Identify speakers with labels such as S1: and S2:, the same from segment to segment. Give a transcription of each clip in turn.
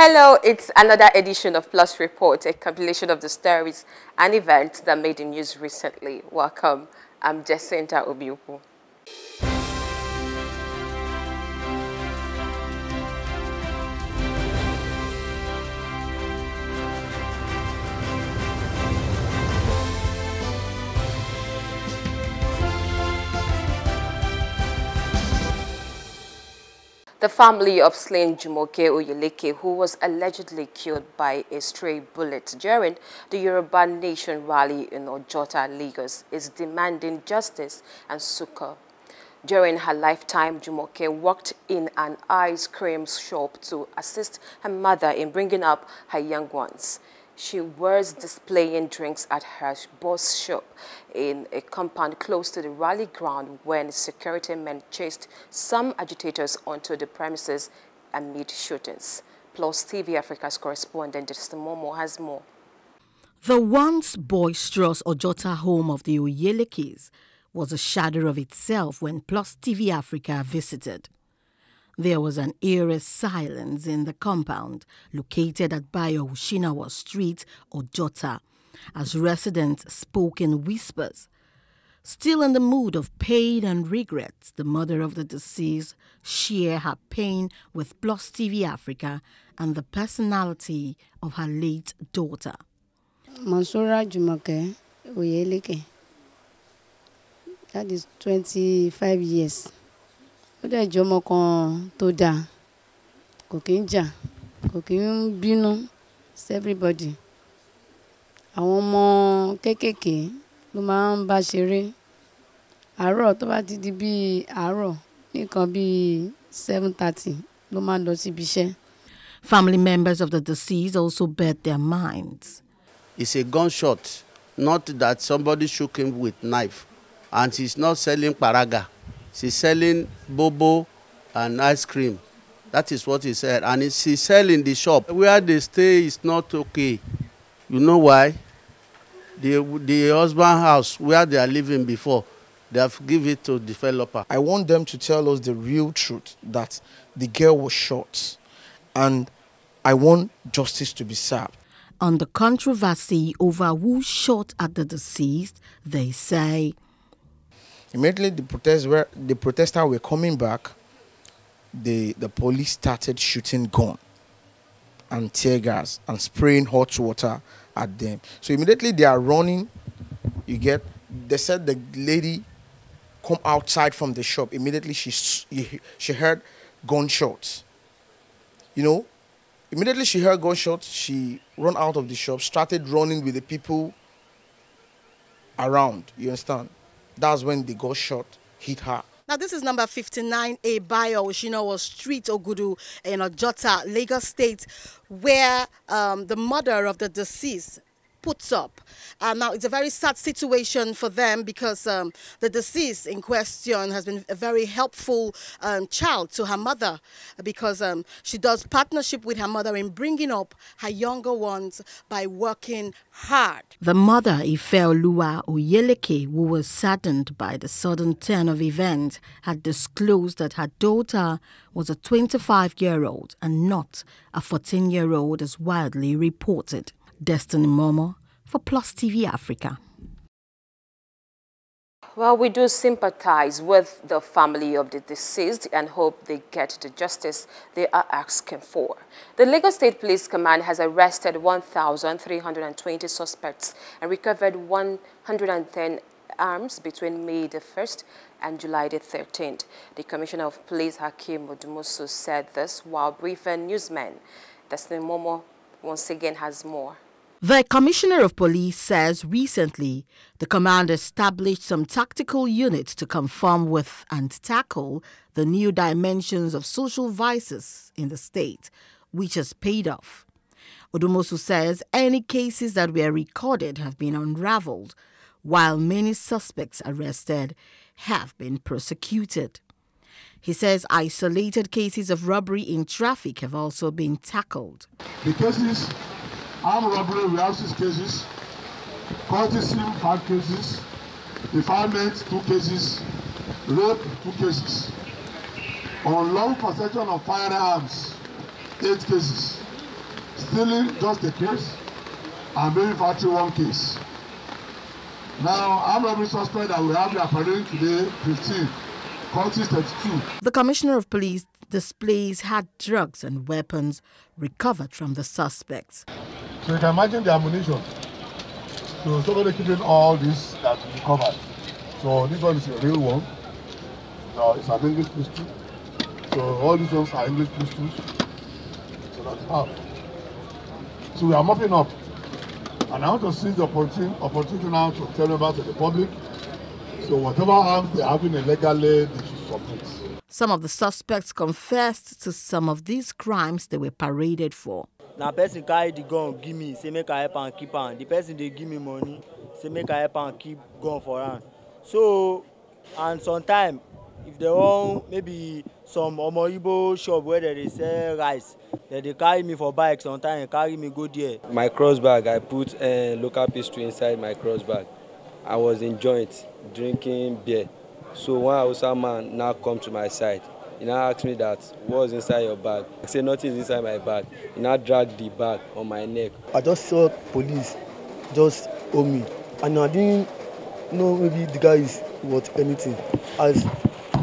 S1: Hello, it's another edition of Plus Report, a compilation of the stories and events that made the news recently. Welcome. I'm Jacinta Obiupu. The family of slain Jumoke Oyeleke, who was allegedly killed by a stray bullet during the Yoruba Nation rally in Ojota, Lagos, is demanding justice and succor. During her lifetime, Jumoke worked in an ice cream shop to assist her mother in bringing up her young ones. She was displaying drinks at her boss shop in a compound close to the rally ground when security men chased some agitators onto the premises amid shootings. Plus, TV Africa's correspondent Justin Momo has more.
S2: The once boisterous Ojota home of the Oyelekis was a shadow of itself when Plus TV Africa visited. There was an eerie silence in the compound, located at Bayo Ushinawa Street, Ojota, as residents spoke in whispers. Still in the mood of pain and regret, the mother of the deceased shared her pain with Plus TV Africa and the personality of her late daughter. Mansura Jumake Oyeleke. That is 25 years. ó dẹ̀ jẹ́ ọmọ kan tó dáa kò kí ń jà kò kí ń bínú sí everybody àwọn ọmọ kéékèèké ló máa ń bá ṣeré àárọ̀ tó bá ti di bíi àárọ̀ nìkan bíi seven thirty ló máa ń lọ síbi iṣẹ́. Family members of the deceased also bared their minds.
S3: It's a gunshot, not that somebody shook him with knife, and he's not selling paraga. She's selling bobo and ice cream. That is what he said. And she's selling the shop. Where they stay is not okay. You know why? The, the husband house where they are living before, they have give it to developer. I want
S2: them to tell us the real truth that the girl was shot. And I want justice to be served. On the controversy over who shot at the deceased, they say Immediately the were the protesters
S3: were coming back. The the police started shooting gun and tear gas and spraying hot water at them. So immediately they are running. You get they said the lady come outside from the shop. Immediately she she heard gunshots. You know, immediately she heard gunshots. She run out of the shop, started running with the people around. You understand? That's when the gunshot hit her.
S2: Now, this is number 59A Bio Oshinowo Street, Ogudu, in Ojota, Lagos State, where um, the mother of the deceased, puts up. Uh, now, it's a very sad situation for them because um, the deceased in question has been a very helpful um, child to her mother because um, she does partnership with her mother in bringing up her younger ones by working hard. The mother, Ifeoluwa Oyeleke, who was saddened by the sudden turn of events, had disclosed that her daughter was a 25-year-old and not a 14-year-old as widely reported. Destiny Momo, for Plus TV Africa.
S1: Well, we do sympathize with the family of the deceased and hope they get the justice they are asking for. The Lagos State Police Command has arrested 1,320 suspects and recovered 110 arms between May the 1st and July the 13th. The Commissioner of Police, Hakim Odumusu, said this while briefing newsmen. Destiny Momo once again has more.
S2: The Commissioner of Police says recently the command established some tactical units to conform with and tackle the new dimensions of social vices in the state, which has paid off. Odumosu says any cases that were recorded have been unraveled, while many suspects arrested have been prosecuted. He says isolated cases of robbery in traffic have also been tackled. The cases arm robbery, we have six cases. Courtesy, five cases. Defilement, two cases. Rape, two cases. Unlawful possession of firearms, eight cases.
S3: Stealing, just a case. And maybe factory, one case.
S2: Now, armed robbery suspect that we have the appearing today, 15. The Commissioner of Police displays had drugs and weapons recovered from the suspects. So you can imagine the ammunition. So somebody keeping all this that we covered. So this one is a real one. Now it's an English pistol. So all these ones are English pistols. So that's how. So we are mopping up. And I want to seize the opportunity, opportunity now to tell about to the public. So whatever arms they have in illegally, they should submit. Some of the suspects confessed to some of these crimes they were paraded for.
S4: na person carry the gun give me say make i help am keep am the person dey give me money say make i help am keep gun for am so and sometimes if they wan maybe some omo igbo shop where they dey sell rice dem dey carry me for bike sometimes carry me go there.
S3: my cross bag i put uh, local pastry inside my cross bag i was in joint drinking beer so one hausa man now come to my side He now asked me that, what's inside your bag? I said, nothing's inside my bag. He now dragged the bag on my neck.
S4: I just saw police just hold me.
S3: And I didn't know maybe the guy is worth anything. As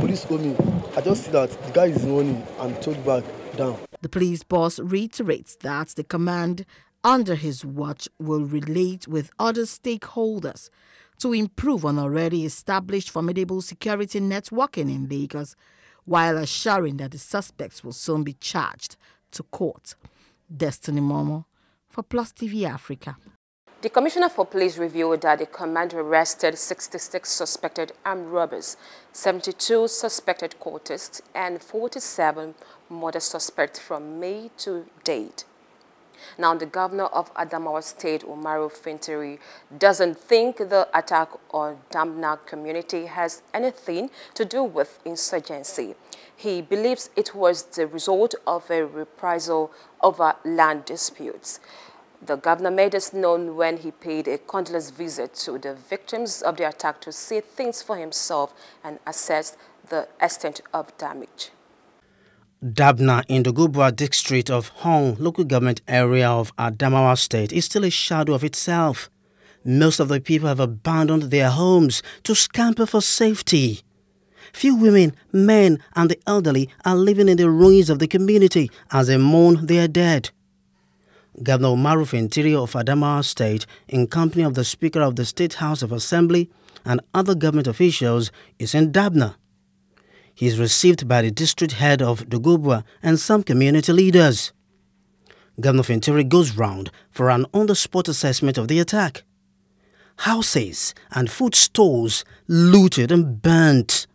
S3: police hold
S2: me, I just see that the guy is running and took back down. The police boss reiterates that the command under his watch will relate with other stakeholders to improve on already established formidable security networking in Lagos while assuring that the suspects will soon be charged to court. Destiny Momo for Plus TV Africa.
S1: The Commissioner for Police revealed that the command arrested 66 suspected armed robbers, 72 suspected courtists, and 47 murder suspects from May to date. Now, the governor of Adamawa State, Umaru Fintiri, doesn't think the attack on Damna community has anything to do with insurgency. He believes it was the result of a reprisal over land disputes. The governor made this known when he paid a condolence visit to the victims of the attack to see things for himself and assess the extent of damage.
S4: Dabna in the Gubra district of Hong local government area of Adamawa state is still a shadow of itself. Most of the people have abandoned their homes to scamper for safety. Few women, men and the elderly are living in the ruins of the community as they mourn their dead. Governor Umaru Interior of Adamawa State, in company of the Speaker of the State House of Assembly and other government officials, is in Dabna he is received by the district head of Dugubwa and some community leaders. Governor Fintiri goes round for an on-the-spot assessment of the attack. Houses and food stores looted and burnt.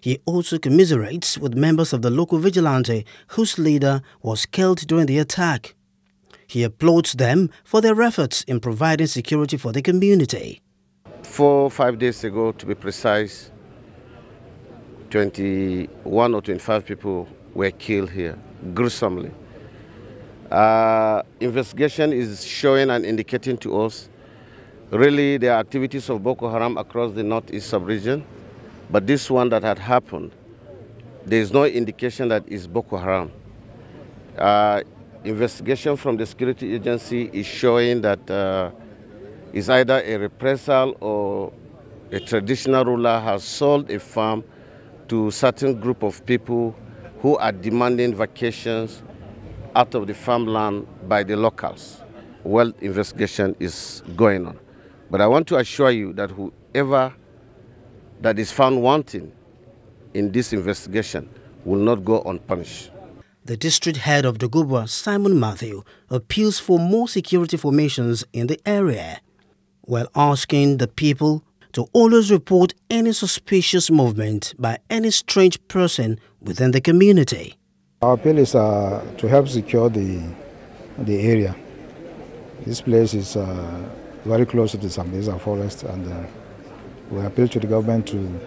S4: He also commiserates with members of the local vigilante whose leader was killed during the attack. He applauds them for their efforts in providing security for the community.
S3: Four, five days ago, to be precise, 21 or 25 people were killed here, gruesomely. Uh, investigation is showing and indicating to us really the activities of Boko Haram across the northeast sub-region, but this one that had happened, there is no indication that it's Boko Haram. Uh, investigation from the security agency is showing that uh, it's either a reprisal or a traditional ruler has sold a farm to certain group of people who are demanding vacations out of the farmland by the locals. Well, investigation is going on. But I want to assure you that whoever that is found wanting in this investigation will not go unpunished.
S4: The district head of Dagubwa, Simon Matthew, appeals for more security formations in the area while asking the people to always report any suspicious movement by any strange person within the community. Our appeal is uh, to help secure the, the area. This place is uh, very close to the Zambezi
S3: forest and uh, we appeal to the government to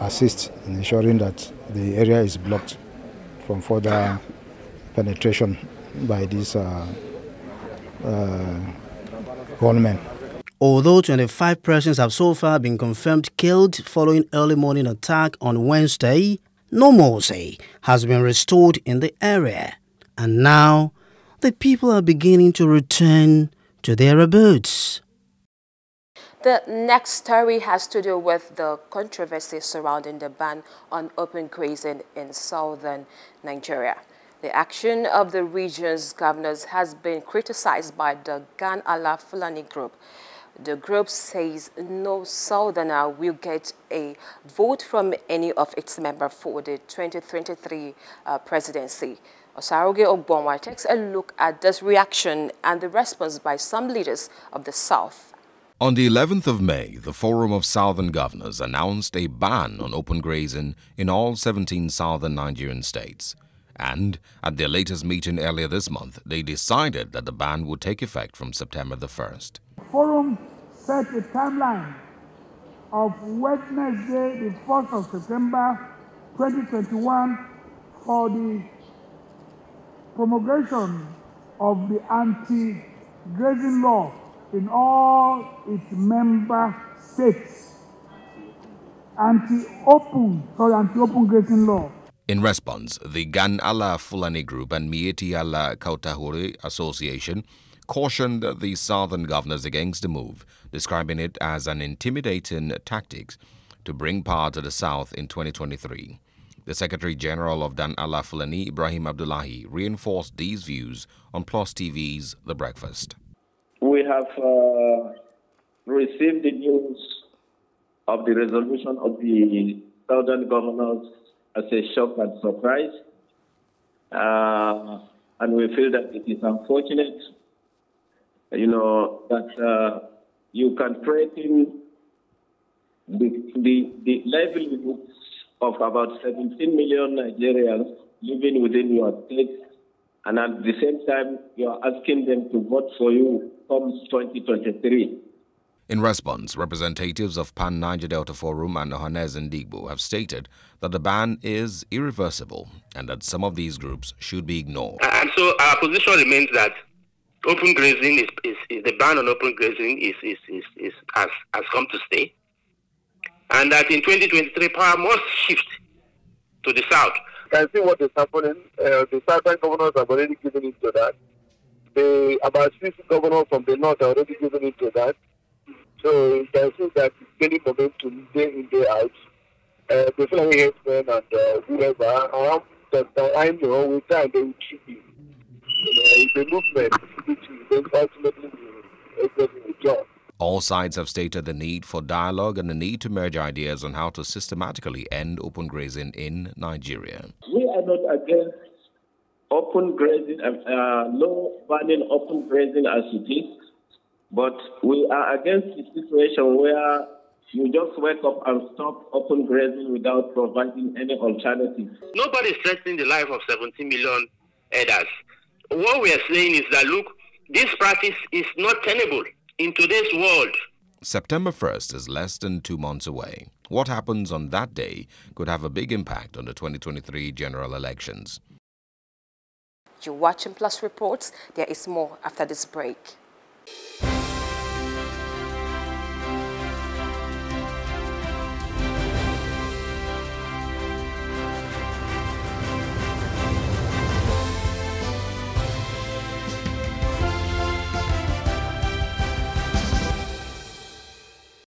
S3: assist in ensuring that the area is blocked from further penetration
S4: by these uh, uh, gunmen. Although 25 persons have so far been confirmed killed following early morning attack on Wednesday, normalcy has been restored in the area. And now, the people are beginning to return to their abodes.
S1: The next story has to do with the controversy surrounding the ban on open grazing in southern Nigeria. The action of the region's governors has been criticized by the Gan Allah Fulani group. The group says no Southerner uh, will get a vote from any of its members for the 2023 uh, presidency. Osaroge Ogbonwa takes a look at this reaction and the response by some leaders of the South.
S5: On the 11th of May, the Forum of Southern Governors announced a ban on open grazing in all 17 southern Nigerian states and at their latest meeting earlier this month, they decided that the ban would take effect from September the 1st.
S4: Forum set a timeline of Wednesday, the first of September 2021, for the promulgation of the anti grazing law in all its member states. Anti open, sorry, anti open grazing law
S5: in response, the Gan Allah Fulani Group and Mieti Allah Kautahuri Association cautioned the southern governors against the move, describing it as an intimidating tactic to bring power to the south in 2023. The Secretary General of Dan Allah Fulani, Ibrahim Abdullahi, reinforced these views on Plus TV's The Breakfast.
S3: We have uh, received the news of the
S5: resolution of the
S3: Southern Governors as a shock and surprise.
S2: Uh,
S3: and we feel that it is unfortunate, you know, that uh, you can threaten the, the, the livelihoods of about 17 million Nigerians living within your state, and at the same time, you are asking them to vote for you comes 2023.
S5: In response, representatives of Pan Niger Delta Forum and Ohanes Ndigbo have stated that the ban is irreversible and that some of these groups should be ignored. And so
S3: our position remains that open grazing is, is, is the ban on open grazing is, is, is, is has, has come to stay. And that in 2023, power must shift to the south. You can see what is happening. Uh, the southern governors have already given into that. The, about six governors from the north have already given into that. So if there's that that is daily for to day in, day out, uh, the family healthcare and uh, whoever around um, the time you always try and they will treat you. It's a movement which is ultimately
S5: the job. All sides have stated the need for dialogue and the need to merge ideas on how to systematically end open grazing in Nigeria.
S3: We are not against open grazing, uh, law uh, banning open grazing as it is. But we are against the situation where you just wake up and stop open grazing without providing any alternatives. Nobody is threatening the life of 17 million herders. What we are saying is that, look, this practice is not tenable in today's world.
S5: September 1st is less than two months away. What happens on that day could have a big impact on the 2023 general elections.
S1: You're watching Plus Reports. There is more after this break.